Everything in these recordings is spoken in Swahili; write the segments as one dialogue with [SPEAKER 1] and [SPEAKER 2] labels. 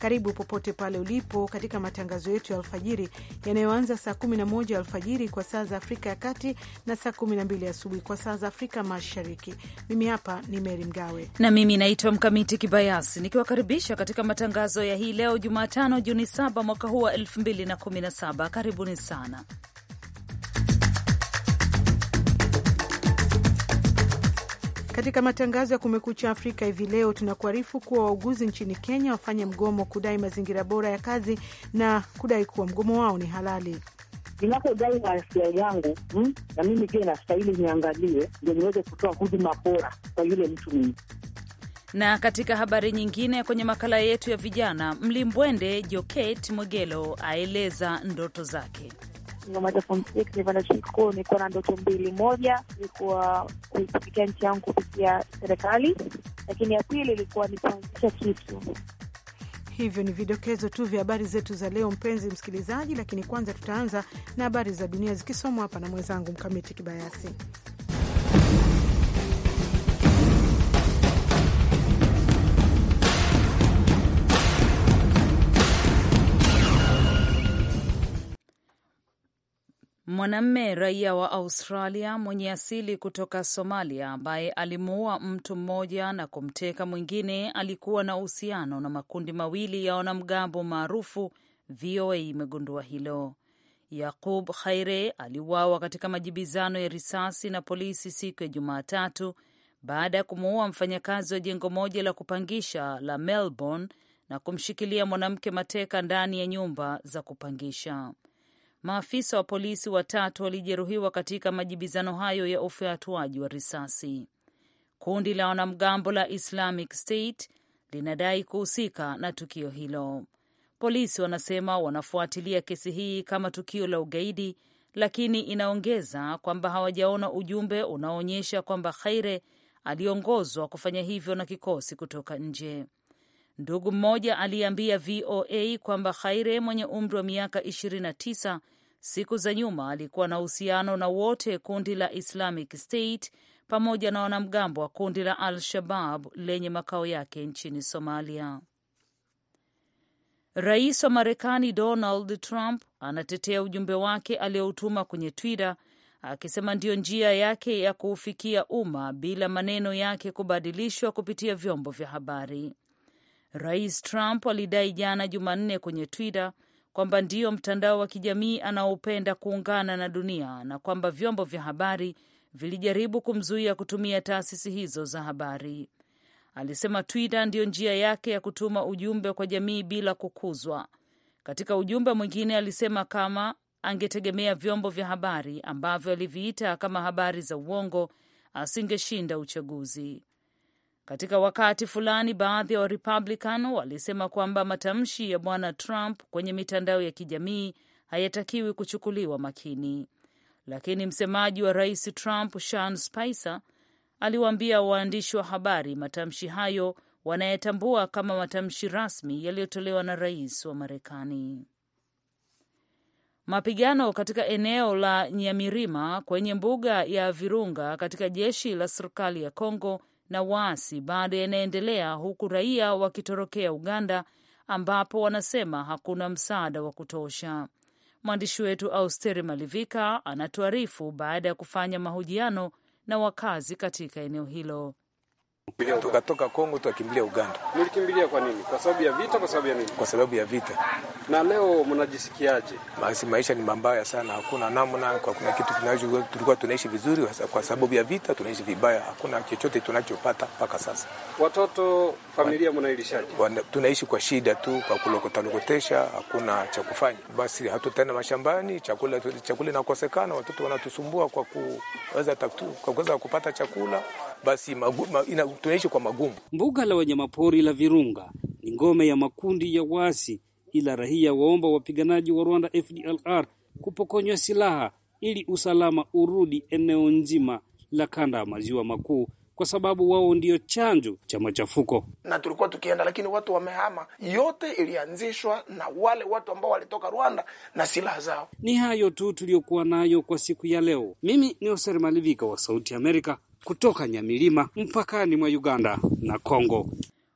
[SPEAKER 1] Karibu popote pale ulipo katika matangazo yetu ya alfajiri yanayoanza saa 11 alfajiri kwa saa za Afrika ya Kati na saa 12 asubuhi kwa saa za Afrika Mashariki. Mimi hapa ni Meri Mgawe
[SPEAKER 2] na mimi naitwa Mkamiti Kibayasi nikiwakaribisha katika matangazo ya hii leo Jumatano Juni 7 mwaka huu wa 2017. Karibuni sana
[SPEAKER 1] Katika matangazo ya Kumekucha Afrika hivi leo, tunakuarifu kuwa wauguzi nchini Kenya wafanye mgomo kudai mazingira bora ya kazi na kudai kuwa mgomo wao ni halali.
[SPEAKER 3] Ninapodai maasia yangu hmm, na mimi pia inastahili niangalie ndio niweze kutoa huduma bora kwa yule mtu mimi
[SPEAKER 1] na katika
[SPEAKER 2] habari nyingine kwenye makala yetu ya vijana, Mlimbwende Joket Mwegelo aeleza ndoto zake
[SPEAKER 4] nimemaliza form six, nilivyoenda shikuu nilikuwa na ndoto mbili. Moja ilikuwa kuitumikia nchi yangu kupitia serikali, lakini ya pili ilikuwa
[SPEAKER 1] ni kuanzisha kitu. Hivyo ni vidokezo tu vya habari zetu za leo, mpenzi msikilizaji, lakini kwanza tutaanza na habari za dunia zikisomwa hapa na mwenzangu Mkamiti Kibayasi.
[SPEAKER 2] Mwanamme raia wa Australia mwenye asili kutoka Somalia ambaye alimuua mtu mmoja na kumteka mwingine alikuwa na uhusiano na makundi mawili ya wanamgambo maarufu. VOA imegundua hilo. Yaqub Khaire aliuawa katika majibizano ya risasi na polisi siku ya Jumatatu baada ya kumuua mfanyakazi wa jengo moja la kupangisha la Melbourne na kumshikilia mwanamke mateka ndani ya nyumba za kupangisha. Maafisa wa polisi watatu walijeruhiwa katika majibizano hayo ya ufyatuaji wa risasi. Kundi la wanamgambo la Islamic State linadai kuhusika na tukio hilo. Polisi wanasema wanafuatilia kesi hii kama tukio la ugaidi, lakini inaongeza kwamba hawajaona ujumbe unaoonyesha kwamba Khaire aliongozwa kufanya hivyo na kikosi kutoka nje. Ndugu mmoja aliambia VOA kwamba Khaire mwenye umri wa miaka 29 siku za nyuma alikuwa na uhusiano na wote kundi la Islamic State pamoja na wanamgambo wa kundi la Al-Shabab lenye makao yake nchini Somalia. Rais wa Marekani Donald Trump anatetea ujumbe wake aliyoutuma kwenye Twitter akisema ndiyo njia yake ya kuufikia umma bila maneno yake kubadilishwa kupitia vyombo vya habari. Rais Trump alidai jana Jumanne kwenye Twitter kwamba ndiyo mtandao wa kijamii anaopenda kuungana na dunia na kwamba vyombo vya habari vilijaribu kumzuia kutumia taasisi hizo za habari. Alisema Twitter ndiyo njia yake ya kutuma ujumbe kwa jamii bila kukuzwa. Katika ujumbe mwingine, alisema kama angetegemea vyombo vya habari ambavyo aliviita kama habari za uongo, asingeshinda uchaguzi. Katika wakati fulani, baadhi ya wa Warepublican walisema kwamba matamshi ya bwana Trump kwenye mitandao ya kijamii hayatakiwi kuchukuliwa makini, lakini msemaji wa rais Trump Sean Spicer aliwaambia waandishi wa habari matamshi hayo wanayetambua kama matamshi rasmi yaliyotolewa na rais wa Marekani. Mapigano katika eneo la Nyamirima kwenye mbuga ya Virunga katika jeshi la serikali ya congo na waasi bado yanaendelea huku raia wakitorokea Uganda ambapo wanasema hakuna msaada wa kutosha. Mwandishi wetu Austeri Malivika anatuarifu baada ya kufanya mahojiano na wakazi katika eneo hilo.
[SPEAKER 5] Tukatoka Kongo tukakimbilia Uganda.
[SPEAKER 6] Mlikimbilia kwa nini? Kwa sababu ya vita, kwa sababu ya nini?
[SPEAKER 5] Kwa sababu ya vita. Na leo mnajisikiaje? Basi maisha ni mabaya sana, hakuna namna, kwa kuna kitu kinacho tulikuwa tunaishi vizuri, kwa sababu ya vita tunaishi vibaya, hakuna chochote tunachopata mpaka sasa.
[SPEAKER 6] Watoto,
[SPEAKER 5] familia mnailishaje? Tunaishi kwa shida tu, kwa kulokota lokotesha, hakuna cha kufanya. Basi hatutaenda mashambani, chakula chakula inakosekana, watoto wanatusumbua kwa kuweza kwa kuweza kupata chakula basi inatuonyesha kwa magumu. Mbuga la wanyamapori
[SPEAKER 6] la Virunga ni ngome ya makundi ya waasi, ila rahia waomba wapiganaji wa Rwanda FDLR kupokonywa silaha ili usalama urudi eneo nzima la kanda ya maziwa makuu kwa sababu wao ndio chanjo cha machafuko, na tulikuwa tukienda, lakini watu wamehama. Yote ilianzishwa na wale watu ambao walitoka Rwanda
[SPEAKER 5] na silaha zao.
[SPEAKER 6] Ni hayo tu tuliyokuwa nayo kwa siku ya leo. Mimi ni Oser Malivika wa Sauti Amerika, kutoka Nyamilima mpakani mwa Uganda na Kongo.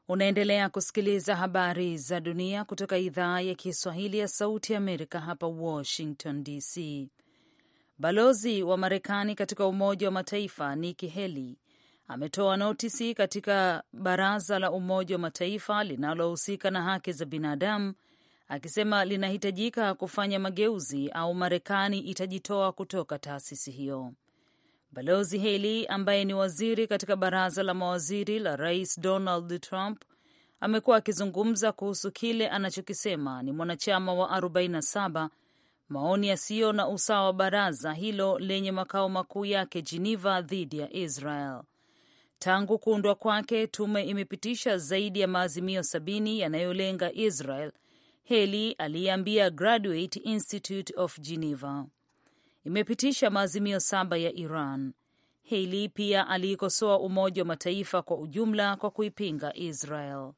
[SPEAKER 2] Unaendelea kusikiliza habari za dunia kutoka idhaa ya Kiswahili ya Sauti ya Amerika hapa Washington DC. Balozi wa Marekani katika Umoja wa Mataifa Nikki Haley ametoa notisi katika baraza la Umoja wa Mataifa linalohusika na haki za binadamu akisema linahitajika kufanya mageuzi au Marekani itajitoa kutoka taasisi hiyo. Balozi Haley ambaye ni waziri katika baraza la mawaziri la Rais Donald Trump amekuwa akizungumza kuhusu kile anachokisema ni mwanachama wa 47 maoni yasiyo na usawa wa baraza hilo lenye makao makuu yake Geneva dhidi ya Israel. Tangu kuundwa kwake, tume imepitisha zaidi ya maazimio sabini yanayolenga Israel, Haley aliyeambia Graduate Institute of Geneva imepitisha maazimio saba ya Iran. Haley pia aliikosoa Umoja wa Mataifa kwa ujumla kwa kuipinga Israel.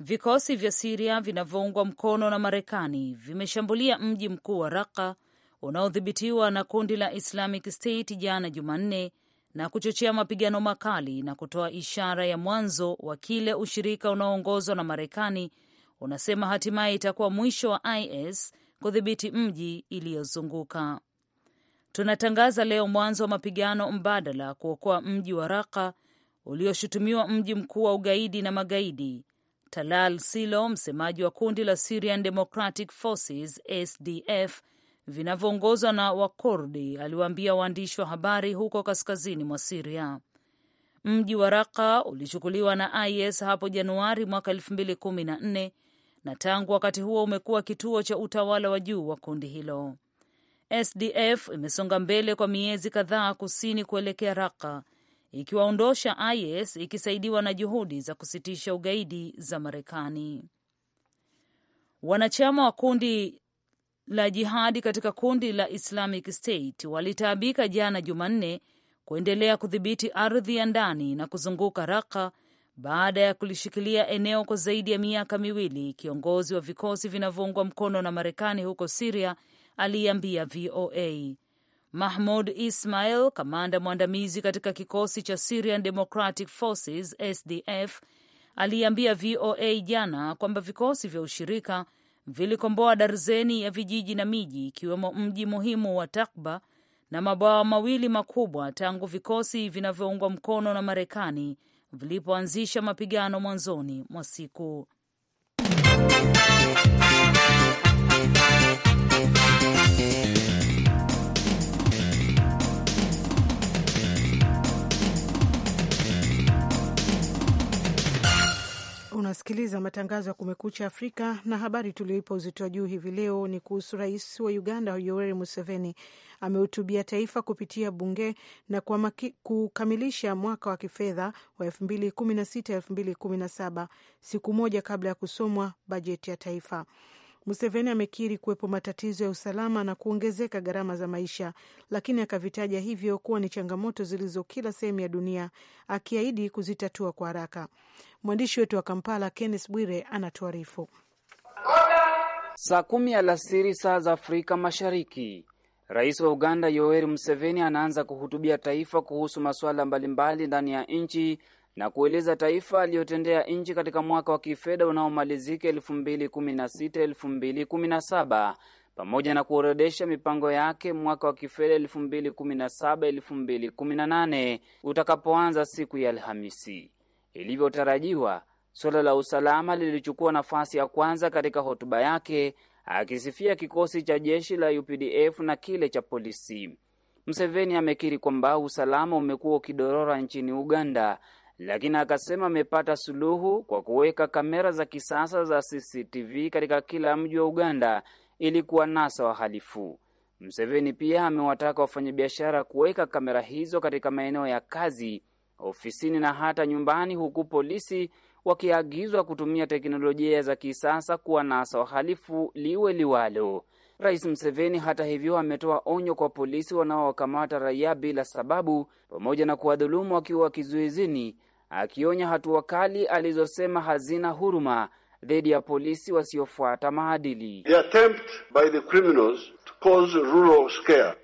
[SPEAKER 2] Vikosi vya Siria vinavyoungwa mkono na Marekani vimeshambulia mji mkuu wa Raka unaodhibitiwa na kundi la Islamic State jana Jumanne na kuchochea mapigano makali na kutoa ishara ya mwanzo wa kile ushirika unaoongozwa na Marekani unasema hatimaye itakuwa mwisho wa IS kudhibiti mji iliyozunguka. Tunatangaza leo mwanzo wa mapigano mbadala kuokoa mji wa Raka ulioshutumiwa mji mkuu wa ugaidi na magaidi. Talal Silo, msemaji wa kundi la Syrian Democratic Forces SDF vinavyoongozwa na Wakurdi, aliwaambia waandishi wa habari huko kaskazini mwa Siria. Mji wa Raka ulichukuliwa na IS hapo Januari mwaka 2014 na tangu wakati huo umekuwa kituo cha utawala wa juu wa kundi hilo. SDF imesonga mbele kwa miezi kadhaa kusini kuelekea Raka, ikiwaondosha IS ikisaidiwa na juhudi za kusitisha ugaidi za Marekani. Wanachama wa kundi la jihadi katika kundi la Islamic State walitaabika jana Jumanne kuendelea kudhibiti ardhi ya ndani na kuzunguka Raka baada ya kulishikilia eneo kwa zaidi ya miaka miwili, kiongozi wa vikosi vinavyoungwa mkono na Marekani huko Siria aliambia VOA. Mahmud Ismail, kamanda mwandamizi katika kikosi cha Syrian Democratic Forces SDF, aliambia VOA jana kwamba vikosi vya ushirika vilikomboa darzeni ya vijiji na miji ikiwemo mji muhimu wa Takba na mabwawa mawili makubwa tangu vikosi vinavyoungwa mkono na Marekani vilipoanzisha mapigano mwanzoni mwa siku
[SPEAKER 1] unasikiliza matangazo ya Kumekucha Afrika na habari tulioipa uzito wa juu hivi leo ni kuhusu rais wa Uganda Yoweri Museveni amehutubia taifa kupitia bunge na maki, kukamilisha mwaka wa kifedha wa 2016 2017 siku moja kabla ya kusomwa bajeti ya taifa. Museveni amekiri kuwepo matatizo ya usalama na kuongezeka gharama za maisha, lakini akavitaja hivyo kuwa ni changamoto zilizo kila sehemu ya dunia, akiahidi kuzitatua kwa haraka. Mwandishi wetu wa Kampala, Kenneth Bwire, anatuarifu.
[SPEAKER 6] Saa kumi alasiri saa za Afrika Mashariki, Rais wa Uganda Yoweri Museveni anaanza kuhutubia taifa kuhusu masuala mbalimbali ndani ya nchi na kueleza taifa aliyotendea nchi katika mwaka wa kifedha unaomalizika 216217 pamoja na kuorodesha mipango yake mwaka wa kifedha 2017 2018 utakapoanza siku ya Alhamisi. Ilivyotarajiwa, suala la usalama lilichukua nafasi ya kwanza katika hotuba yake, akisifia kikosi cha jeshi la UPDF na kile cha polisi. mseveni amekiri kwamba usalama umekuwa ukidorora nchini Uganda lakini akasema amepata suluhu kwa kuweka kamera za kisasa za CCTV katika kila mji wa Uganda ili kuwanasa wahalifu. Mseveni pia amewataka wafanyabiashara kuweka kamera hizo katika maeneo ya kazi, ofisini na hata nyumbani, huku polisi wakiagizwa kutumia teknolojia za kisasa kuwanasa wahalifu liwe liwalo. Rais Mseveni hata hivyo ametoa onyo kwa polisi wanaowakamata raia bila sababu pamoja na kuwadhulumu wakiwa kizuizini akionya hatua kali alizosema hazina huruma dhidi ya polisi wasiofuata maadili.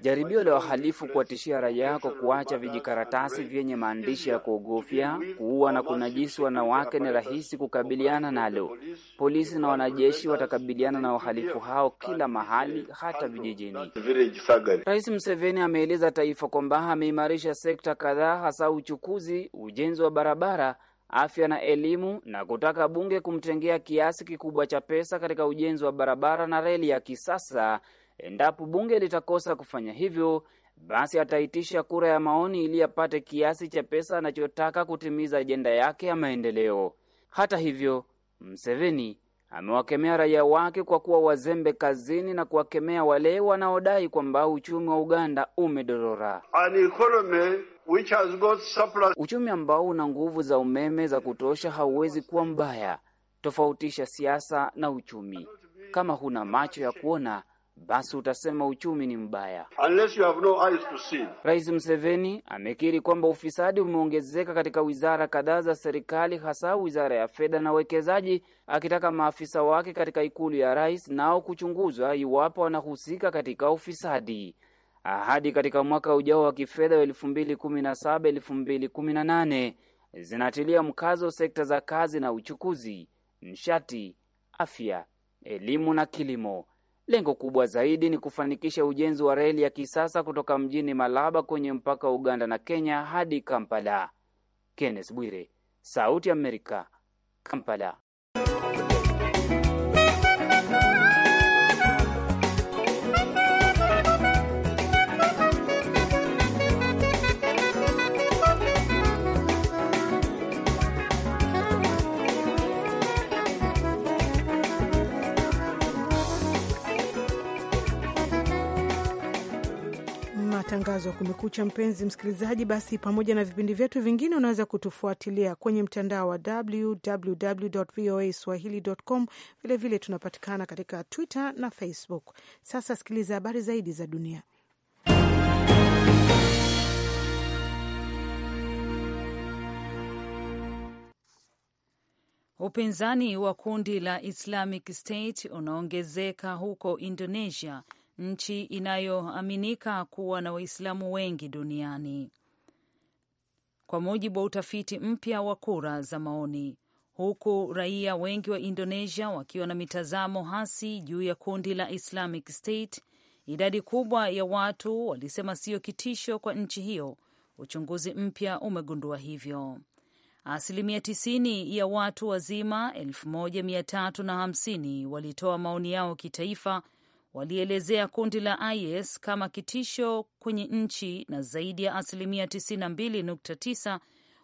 [SPEAKER 6] Jaribio la wahalifu kuwatishia raia kwa kuacha vijikaratasi vyenye maandishi ya kuogofya, kuua na kunajisi wanawake ni rahisi kukabiliana nalo. Polisi na wanajeshi watakabiliana na wahalifu hao kila mahali, hata vijijini. Rais Museveni ameeleza taifa kwamba ameimarisha sekta kadhaa, hasa uchukuzi, ujenzi wa barabara afya na elimu na kutaka bunge kumtengea kiasi kikubwa cha pesa katika ujenzi wa barabara na reli ya kisasa. Endapo bunge litakosa kufanya hivyo, basi ataitisha kura ya maoni ili apate kiasi cha pesa anachotaka kutimiza ajenda yake ya maendeleo. Hata hivyo, Mseveni amewakemea raia wake kwa kuwa wazembe kazini na kuwakemea wale wanaodai kwamba uchumi wa Uganda umedorora. An economy which has got surplus. Uchumi ambao una nguvu za umeme za kutosha hauwezi kuwa mbaya. Tofautisha siasa na uchumi. Kama huna macho ya kuona basi utasema uchumi ni mbaya. Unless you have no eyes to see. Rais Museveni amekiri kwamba ufisadi umeongezeka katika wizara kadhaa za serikali, hasa wizara ya fedha na uwekezaji, akitaka maafisa wake katika ikulu ya rais nao kuchunguzwa iwapo wanahusika katika ufisadi hadi katika mwaka ujao wa kifedha wa 2017 2018 zinatilia mkazo sekta za kazi na uchukuzi, nishati, afya, elimu na kilimo. Lengo kubwa zaidi ni kufanikisha ujenzi wa reli ya kisasa kutoka mjini Malaba kwenye mpaka wa Uganda na Kenya hadi Kampala. Kenneth Bwire, Sauti ya Amerika, Kampala.
[SPEAKER 1] matangazo ya Kumekucha. Mpenzi msikilizaji, basi pamoja na vipindi vyetu vingine unaweza kutufuatilia kwenye mtandao wa www voa swahili.com. Vilevile tunapatikana katika Twitter na Facebook. Sasa sikiliza habari zaidi za dunia.
[SPEAKER 2] Upinzani wa kundi la Islamic State unaongezeka huko Indonesia nchi inayoaminika kuwa na Waislamu wengi duniani kwa mujibu wa utafiti mpya wa kura za maoni, huku raia wengi wa Indonesia wakiwa na mitazamo hasi juu ya kundi la Islamic State. Idadi kubwa ya watu walisema siyo kitisho kwa nchi hiyo. Uchunguzi mpya umegundua hivyo. Asilimia tisini ya watu wazima 1350 na hamsini walitoa maoni yao kitaifa walielezea kundi la IS kama kitisho kwenye nchi na zaidi ya asilimia 92.9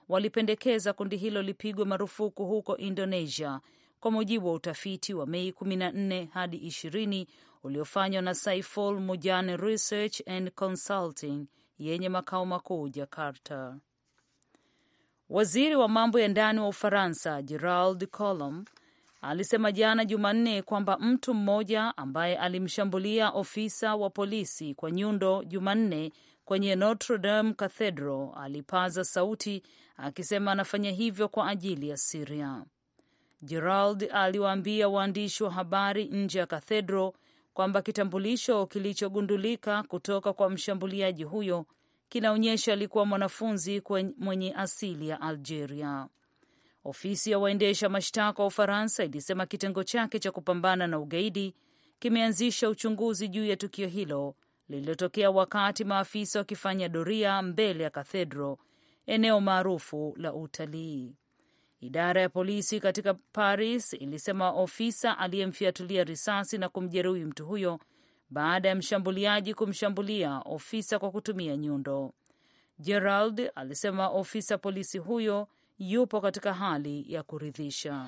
[SPEAKER 2] walipendekeza kundi hilo lipigwe marufuku huko Indonesia, kwa mujibu wa utafiti wa Mei 14 hadi 20 uliofanywa na Saiful Mujani Research and Consulting yenye makao makuu Jakarta. Waziri wa mambo ya ndani wa Ufaransa Gerald Colom alisema jana Jumanne kwamba mtu mmoja ambaye alimshambulia ofisa wa polisi kwa nyundo Jumanne kwenye Notre Dame Cathedral alipaza sauti akisema anafanya hivyo kwa ajili ya Siria. Gerald aliwaambia waandishi wa habari nje ya cathedral kwamba kitambulisho kilichogundulika kutoka kwa mshambuliaji huyo kinaonyesha alikuwa mwanafunzi mwenye asili ya Algeria. Ofisi ya waendesha mashtaka wa Ufaransa ilisema kitengo chake cha kupambana na ugaidi kimeanzisha uchunguzi juu ya tukio hilo lililotokea wakati maafisa wakifanya doria mbele ya kathedro, eneo maarufu la utalii. Idara ya polisi katika Paris ilisema ofisa aliyemfiatulia risasi na kumjeruhi mtu huyo baada ya mshambuliaji kumshambulia ofisa kwa kutumia nyundo. Gerald alisema ofisa polisi huyo yupo katika hali ya kuridhisha.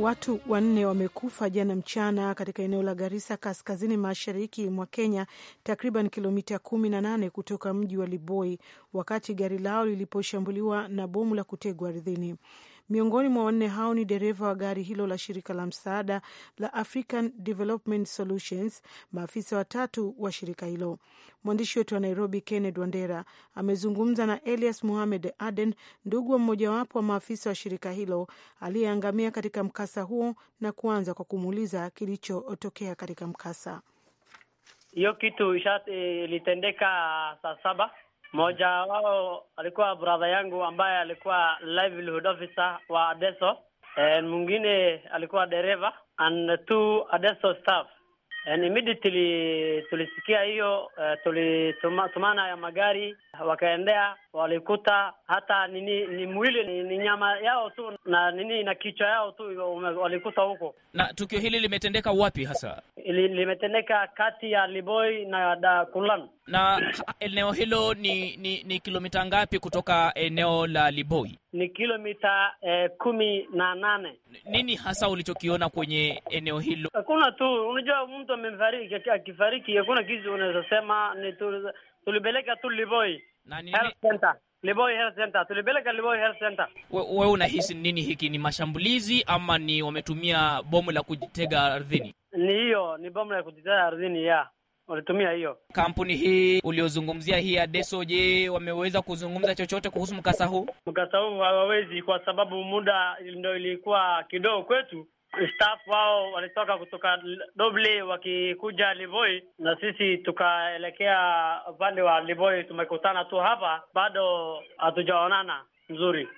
[SPEAKER 1] Watu wanne wamekufa jana mchana katika eneo la Garisa, kaskazini mashariki mwa Kenya, takriban kilomita kumi na nane kutoka mji wa Liboi, wakati gari lao liliposhambuliwa na bomu la kutegwa ardhini. Miongoni mwa wanne hao ni dereva wa gari hilo la shirika la msaada la African Development Solutions, maafisa watatu wa shirika hilo. Mwandishi wetu wa Nairobi, Kenneth Wandera, amezungumza na Elias muhamed Aden, ndugu wa mmojawapo wa maafisa wa shirika hilo aliyeangamia katika mkasa huo, na kuanza kwa kumuuliza kilichotokea katika mkasa
[SPEAKER 7] hiyo. Kitu eh, ilitendeka saa saba mmoja wao alikuwa brother yangu ambaye alikuwa livelihood officer wa Adeso, and mwingine alikuwa dereva and two Adeso staff and immediately tulisikia hiyo uh, eh, tulitumana ya magari wakaendea, walikuta hata nini ni mwili ni, ni nyama yao tu na nini na kichwa yao tu walikuta huko.
[SPEAKER 5] Na tukio hili limetendeka wapi hasa?
[SPEAKER 7] Ili, limetendeka kati ya Liboi na da
[SPEAKER 5] na eneo hilo ni ni, ni kilomita ngapi kutoka eneo la Liboi?
[SPEAKER 7] Ni kilomita eh, kumi na nane.
[SPEAKER 5] Nini hasa ulichokiona kwenye eneo hilo?
[SPEAKER 7] Hakuna tu, unajua mtu amefariki, akifariki hakuna kitu unaweza sema. Ni tulipeleka tu Liboi Health Center. Liboi Health Center. Tulipeleka Liboi Health Center. Wewe unahisi
[SPEAKER 5] nini, hiki ni mashambulizi ama ni wametumia bomu la kujitega ardhini?
[SPEAKER 7] Ni hiyo, ni bomu la kujitega ardhini ya walitumia hiyo
[SPEAKER 5] kampuni hii uliozungumzia hii
[SPEAKER 7] ya Deso. Je, wameweza kuzungumza chochote kuhusu mkasa huu? Mkasa huu hawawezi, kwa sababu muda ndo ilikuwa kidogo kwetu. Staff wao walitoka kutoka Doble wakikuja Livoi, na sisi tukaelekea upande wa Livoi. Tumekutana tu hapa, bado hatujaonana mzuri.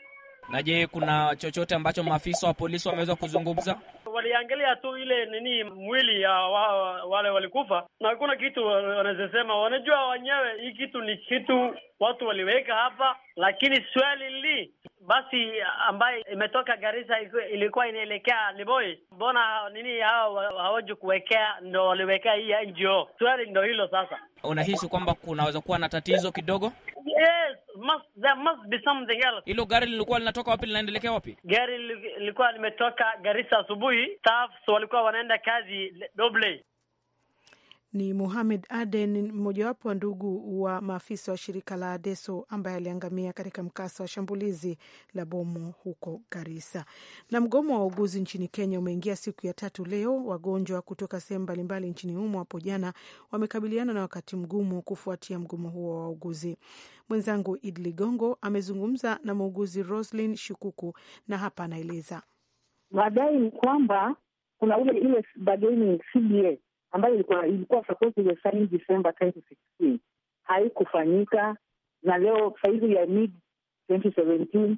[SPEAKER 5] Na je, kuna chochote ambacho maafisa wa polisi wameweza kuzungumza?
[SPEAKER 7] Waliangalia tu ile nini mwili ya wa, wale walikufa, na hakuna kitu wanazosema. Wanajua wenyewe hii kitu ni kitu watu waliweka hapa, lakini swali li basi ambaye imetoka Garissa ilikuwa inaelekea Liboi, mbona nini hao hawaji kuwekea, ndo waliwekea hii NGO? Swali ndo hilo sasa.
[SPEAKER 5] Unahisi kwamba kunaweza kuwa na tatizo kidogo?
[SPEAKER 7] Yes, must, there must be something else. Hilo gari lilikuwa linatoka wapi linaendelekea wapi? Gari lilikuwa limetoka Garissa asubuhi, staffs walikuwa wanaenda kazi Doble
[SPEAKER 1] ni Muhamed Aden, mmojawapo wa ndugu wa maafisa wa shirika la ADESO ambaye aliangamia katika mkasa wa shambulizi la bomu huko Garisa. Na mgomo wa wauguzi nchini Kenya umeingia siku ya tatu leo. Wagonjwa kutoka sehemu mbalimbali nchini humo hapo jana wamekabiliana na wakati mgumu kufuatia mgomo huo wa wauguzi. Mwenzangu id Ligongo amezungumza na muuguzi roslin Shukuku na hapa anaeleza madai ni kwamba kuna ule ile bargaining CBA ambayo ilikuwa ilikuwa supposed kusaini December
[SPEAKER 3] 2016 haikufanyika, na leo saizi ya mid 2017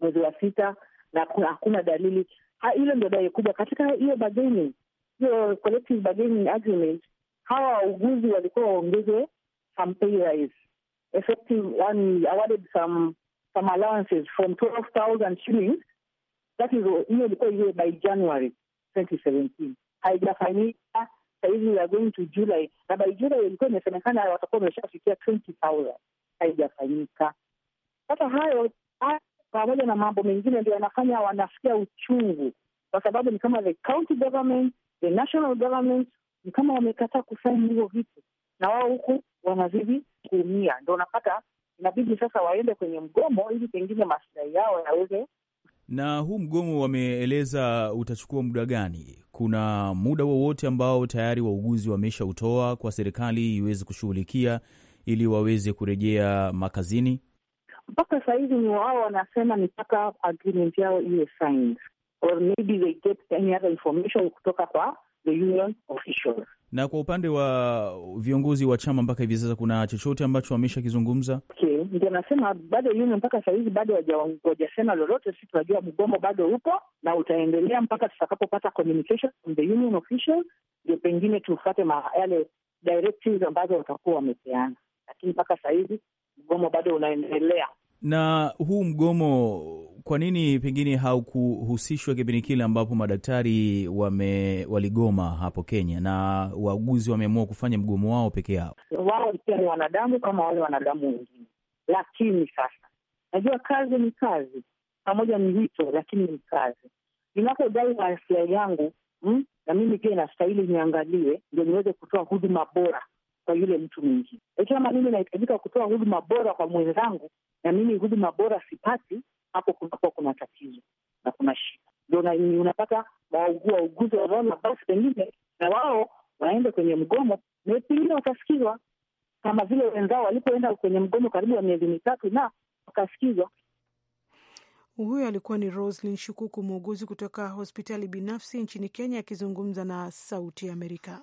[SPEAKER 3] mwezi wa sita, na hakuna dalili. Hilo ndio dai kubwa katika hiyo bargaining, hiyo collective bargaining agreement. Hawa wauguzi walikuwa waongezwe some pay rise effective, awarded some some allowances from 12,000 shillings, that is hiyo ilikuwa iwe by January 2017 haijafanyika sahizi ya going to July, na by July ilikuwa imesemekana watakuwa wameshafikia 20,000 haijafanyika. Sasa hayo pamoja na mambo mengine ndio yanafanya wanasikia uchungu, kwa sababu ni kama the county government, the national government ni kama wamekataa kusaini hivyo vitu, na wao huku wanazidi kuumia, ndo unapata inabidi sasa waende kwenye mgomo ili pengine maslahi yao yaweze.
[SPEAKER 5] Na huu mgomo wameeleza utachukua muda gani? kuna muda wowote ambao tayari wauguzi utoa kwa serikali iweze kushughulikia ili waweze kurejea makazini?
[SPEAKER 3] Mpaka sahizi ni wao wanasema ni mpaka agreement yao iwe signed or maybe they get any other information kutoka kwa the union officials.
[SPEAKER 5] Na kwa upande wa viongozi wa chama mpaka hivi sasa, kuna chochote ambacho wameshakizungumza?
[SPEAKER 3] Okay, ndio nasema bado union mpaka sahizi bado hawajasema lolote. Sisi tunajua mgomo bado upo na utaendelea mpaka tutakapopata communication from the union official, ndio pengine tufate yale directives ambazo watakuwa wamepeana, lakini mpaka sahizi mgomo bado unaendelea.
[SPEAKER 5] Na huu mgomo kwa nini pengine haukuhusishwa kipindi kile ambapo madaktari wame, waligoma hapo Kenya na wauguzi wameamua kufanya mgomo wao peke yao?
[SPEAKER 3] Wao pia ni wanadamu kama wale wanadamu wengine, lakini sasa najua kazi ni kazi, pamoja ni wito, lakini ni kazi. Ninapodai maslahi yangu hmm, na mimi pia inastahili niangalie, ndio niweze kutoa huduma bora kwa yule mtu mwingine. Kama mimi nahitajika kutoa huduma bora kwa mwenzangu na mimi huduma bora sipati, hapo kunakuwa kuna tatizo na kuna shida. Ndio unapata wauguzi wanaona basi pengine na wao waende kwenye mgomo, pengine wakasikizwa kama vile wenzao walipoenda kwenye mgomo karibu ya miezi mitatu na wakasikizwa.
[SPEAKER 1] Huyo alikuwa ni Roslin Shukuku, muuguzi kutoka hospitali binafsi nchini Kenya, akizungumza na Sauti ya Amerika.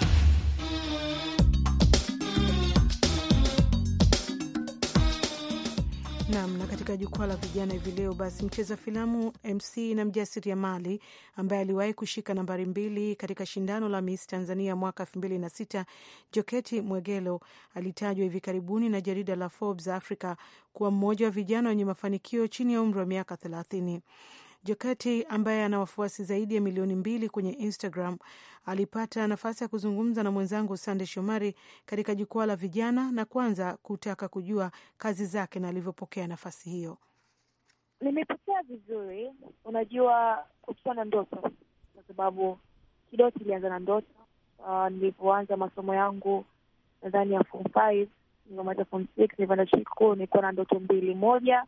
[SPEAKER 1] kujadiliana hivi leo basi mcheza filamu MC na mali ambaye aliwahi kushika nambari mbili katika shindano la Miss Tanzania mwaka elfu mbili na sita Joketi Mwegelo alitajwa hivi karibuni na jarida la Forbes Africa kuwa mmoja wa vijana wenye mafanikio chini ya umri wa miaka thelathini. Joketi ambaye ana wafuasi zaidi ya milioni mbili kwenye Instagram alipata nafasi ya kuzungumza na mwenzangu Sande Shomari katika jukwaa la vijana, na kwanza kutaka kujua kazi zake na alivyopokea nafasi hiyo.
[SPEAKER 4] Limepokea vizuri, unajua kukiwa na ndoto, kwa sababu kidoto ilianza na ndoto. Uh, ah, nilivyoanza masomo yangu nadhani ya form five nilivyomaliza form six nilivyoenda chuo kikuu nilikuwa na ndoto mbili. Moja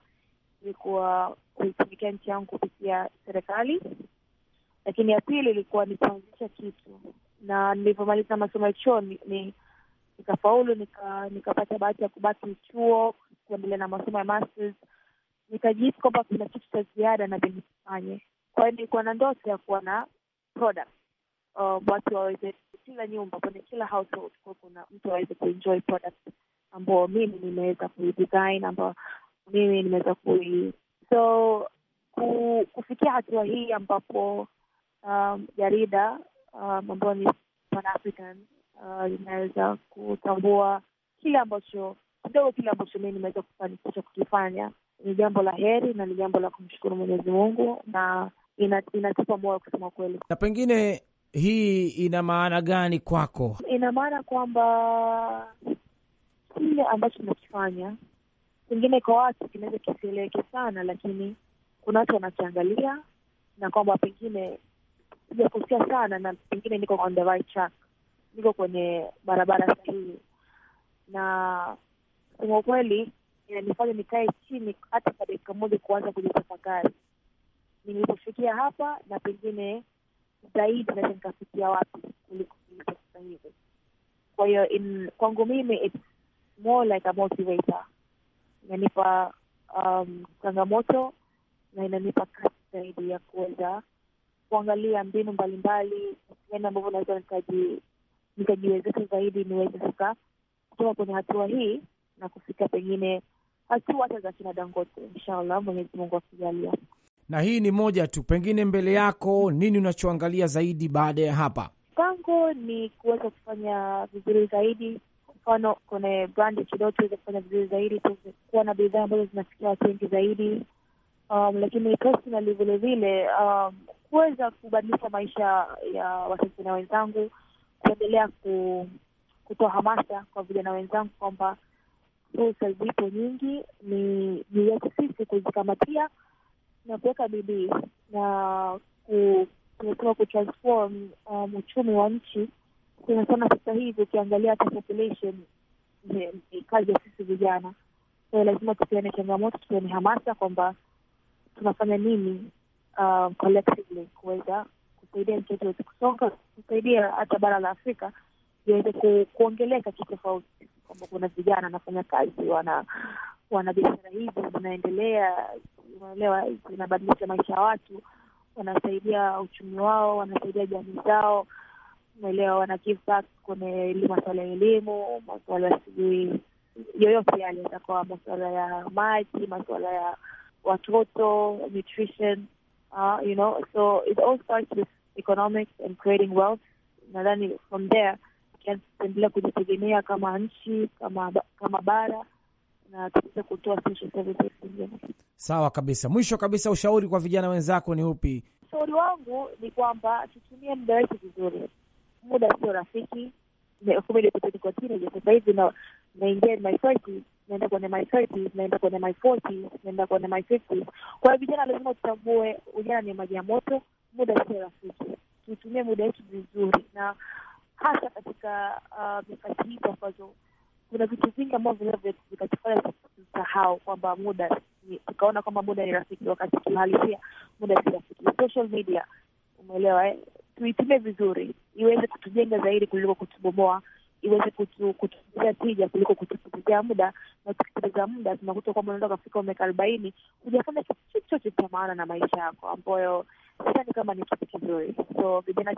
[SPEAKER 4] ilikuwa kuitumikia nchi yangu kupitia serikali, lakini ya pili ilikuwa ni kuanzisha kitu, na nilivyomaliza masomo ya chuo ni nikafaulu, nikapata bahati ya kubaki chuo kuendelea na masomo ya masters nikajihisi kwamba kuna kitu cha ziada na vinifanye. Kwa hiyo nilikuwa na ndoto ya kuwa na product uh, watu waweze kila nyumba, kwenye kila household kwa kuna mtu aweze kuenjoy product ambao mimi nimeweza kuidesign, ambao mimi nimeweza kui so ku, kufikia hatua hii ambapo um, jarida um, ambayo um, ni Pan African linaweza uh, kutambua kile ambacho kidogo kile ambacho mii nimeweza kufanikisha kukifanya ni jambo la heri na ni jambo la kumshukuru Mwenyezi Mungu na inatupa moyo kusema kweli.
[SPEAKER 5] Na pengine hii ina maana gani kwako?
[SPEAKER 4] Ina maana kwamba kile ambacho tunakifanya pengine kwa watu kinaweza kisieleweke sana, lakini kuna watu wanakiangalia na kwamba pengine sijakosea sana, na pengine niko on the right track, niko kwenye barabara sahihi, na kusema ukweli inanifanya nikae chini hata kwa dakika moja kuanza kujitafakari, nilipofikia hapa na pengine zaidi naweza nikafikia wapi kuliko sasa hivi. Kwa hiyo kwangu mimi it's more like a motivator, inanipa um, changamoto na inanipa kati zaidi ya kuweza kuangalia mbinu mbalimbali gani ambavyo naweza nikajiwezesha zaidi niweze sasa kutoka kwenye hatua hii na kufika pengine hatua hata za kina Dangote, inshallah Mwenyezi Mungu akijalia.
[SPEAKER 5] Na hii ni moja tu, pengine mbele yako nini unachoangalia zaidi baada ya hapa?
[SPEAKER 4] Mpango ni kuweza kufanya vizuri zaidi mfano kwenye brand kidogo tuweze kufanya vizuri zaidi, kuwa na bidhaa ambazo zinafikia watu wengi zaidi. Um, lakini personally vile vile um, kuweza kubadilisha maisha ya Watanzania wenzangu, kuendelea ku, kutoa hamasa kwa vijana wenzangu kwamba fursa zipo nyingi, ni juu yetu sisi kuzikamatia na kuweka bidii na kuetua kutransform um, uchumi wa nchi. Kuna sana sasa hivi ukiangalia hata population ni eh, eh, kazi ya sisi vijana, kwayo lazima tupeane changamoto, tupeane hamasa kwamba tunafanya nini um, collectively kuweza kusaidia nchi yetu kusonga, kusaidia hata bara la Afrika iweze kuongeleka kitofauti kwamba kuna vijana wanafanya kazi, wana wana biashara hizi zinaendelea, unaelewa, zinabadilisha maisha ya watu, wanasaidia uchumi wao, wanasaidia jamii zao, unaelewa, wana give back kwenye maswala ya elimu, maswala ya sijui yoyote yale, yatakuwa maswala ya maji, maswala ya watoto nutrition, uh, you know, so it all starts with economics and creating wealth. Nadhani from there kiasi tutaendelea kujitegemea kama nchi, kama kama bara na tuweze kutoa social services
[SPEAKER 6] Sawa kabisa. Mwisho kabisa, ushauri kwa vijana wenzako ni upi?
[SPEAKER 4] Ushauri wangu ni kwamba tutumie muda wetu vizuri. Muda sio rafiki. Sasa hivi naingia my thirties, naenda kwenye my thirties, naenda kwenye my forties, naenda kwenye my fifties. Kwa hiyo vijana lazima tutambue ujana ni maji ya moto, muda sio rafiki. Tutumie muda wetu vizuri na hasa katika uh, mikati hizi ambazo kuna vitu vingi ambavyo vikatufanya tusahau kwamba muda, tukaona kwamba muda ni rafiki, wakati kiuhalisia muda si rafiki. Social media, umeelewa eh? Tuitumie vizuri, iweze kutujenga zaidi kuliko kutubomoa, iweze kutupatia tija kuliko kutupotezea muda. Na tukipoteza muda, tunakuta kwamba unaweza ukafika umeka arobaini hujafanya kitu chochote cha maana na maisha yako ambayo sidhani kama ni kitu kizuri. So vijana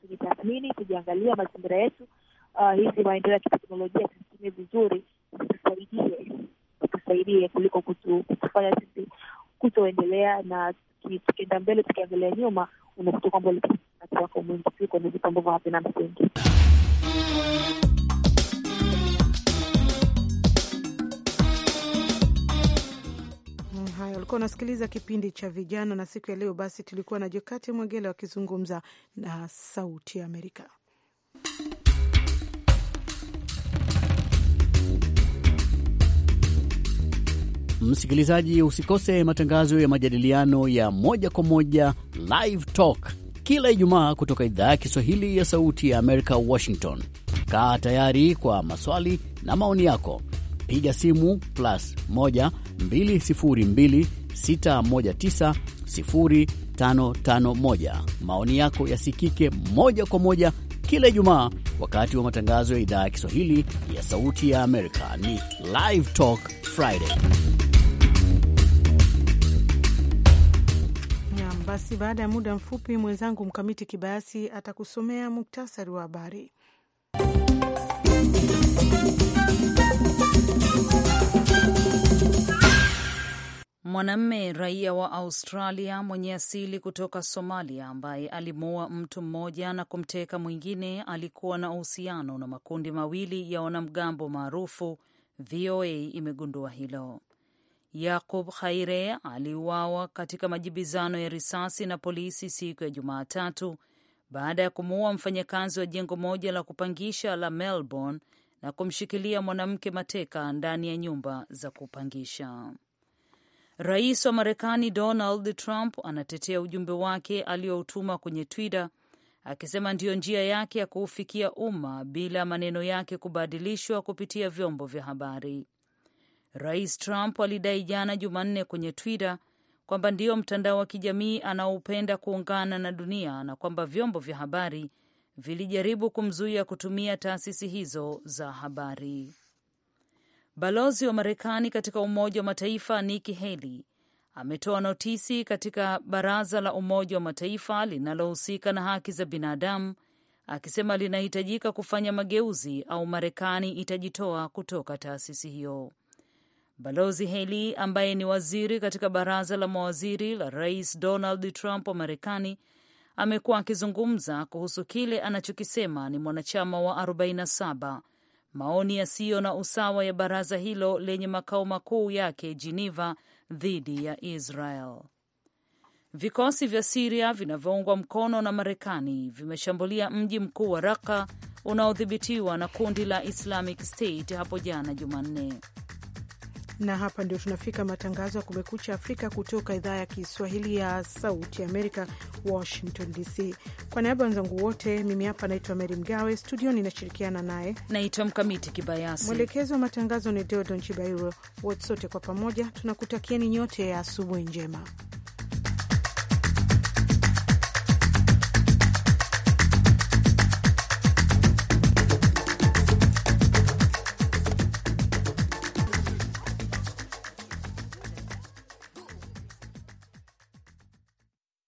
[SPEAKER 4] tujitathmini, tujiangalia mazingira yetu, uh, hizi maendeleo ya kiteknolojia tuzitumie vizuri, tusaidie tusaidie kuliko kutu, kutufanya sisi kutoendelea na tukienda mbele
[SPEAKER 3] tukiangalia nyuma, unakuta kwamba ulikuwa wako mwingi tu kwenye vitu ambavyo havina msingi.
[SPEAKER 1] hayo. Ulikuwa unasikiliza kipindi cha Vijana, na siku ya leo basi tulikuwa na Jokate Mwegele wakizungumza na Sauti ya Amerika.
[SPEAKER 6] Msikilizaji, usikose matangazo ya majadiliano ya moja kwa moja Live Talk kila Ijumaa kutoka idhaa ya Kiswahili ya Sauti ya Amerika, Washington. Kaa tayari kwa maswali na maoni yako piga simu plus 1 Maoni yako yasikike moja kwa moja kila Ijumaa wakati wa matangazo ya idhaa ya Kiswahili ya Sauti ya Amerika. Ni Live Talk
[SPEAKER 5] Friday.
[SPEAKER 1] Basi baada ya muda mfupi mwenzangu Mkamiti Kibayasi atakusomea muktasari wa habari.
[SPEAKER 2] Mwanamme raia wa Australia mwenye asili kutoka Somalia ambaye alimuua mtu mmoja na kumteka mwingine alikuwa na uhusiano na makundi mawili ya wanamgambo maarufu. VOA imegundua hilo. Yakub Khaire aliuawa katika majibizano ya risasi na polisi siku ya Jumatatu baada ya kumuua mfanyakazi wa jengo moja la kupangisha la Melbourne na kumshikilia mwanamke mateka ndani ya nyumba za kupangisha. Rais wa Marekani Donald Trump anatetea ujumbe wake aliyoutuma kwenye Twitter akisema ndiyo njia yake ya kuufikia umma bila maneno yake kubadilishwa kupitia vyombo vya habari. Rais Trump alidai jana Jumanne kwenye Twitter kwamba ndiyo mtandao wa kijamii anaoupenda kuungana na dunia na kwamba vyombo vya habari vilijaribu kumzuia kutumia taasisi hizo za habari. Balozi wa Marekani katika Umoja wa Mataifa Nikki Haley ametoa notisi katika baraza la Umoja wa Mataifa linalohusika na haki za binadamu akisema linahitajika kufanya mageuzi au Marekani itajitoa kutoka taasisi hiyo. Balozi Haley ambaye ni waziri katika baraza la mawaziri la Rais Donald Trump wa Marekani amekuwa akizungumza kuhusu kile anachokisema ni mwanachama wa maoni yasiyo na usawa ya baraza hilo lenye makao makuu yake Geneva dhidi ya Israel. Vikosi vya Siria vinavyoungwa mkono na Marekani vimeshambulia mji mkuu wa Raka unaodhibitiwa na kundi la Islamic State hapo jana Jumanne.
[SPEAKER 1] Na hapa ndio tunafika matangazo ya Kumekucha Afrika kutoka idhaa ya Kiswahili ya Sauti Amerika, Washington DC. Kwa niaba ya wenzangu wote, mimi hapa naitwa Meri Mgawe, studioni inashirikiana naye naitwa Mkamiti
[SPEAKER 2] Kibayasi. Mwelekezi
[SPEAKER 1] wa matangazo ni Deodon Chibairo. Wote sote kwa pamoja tunakutakieni nyote ya asubuhi njema.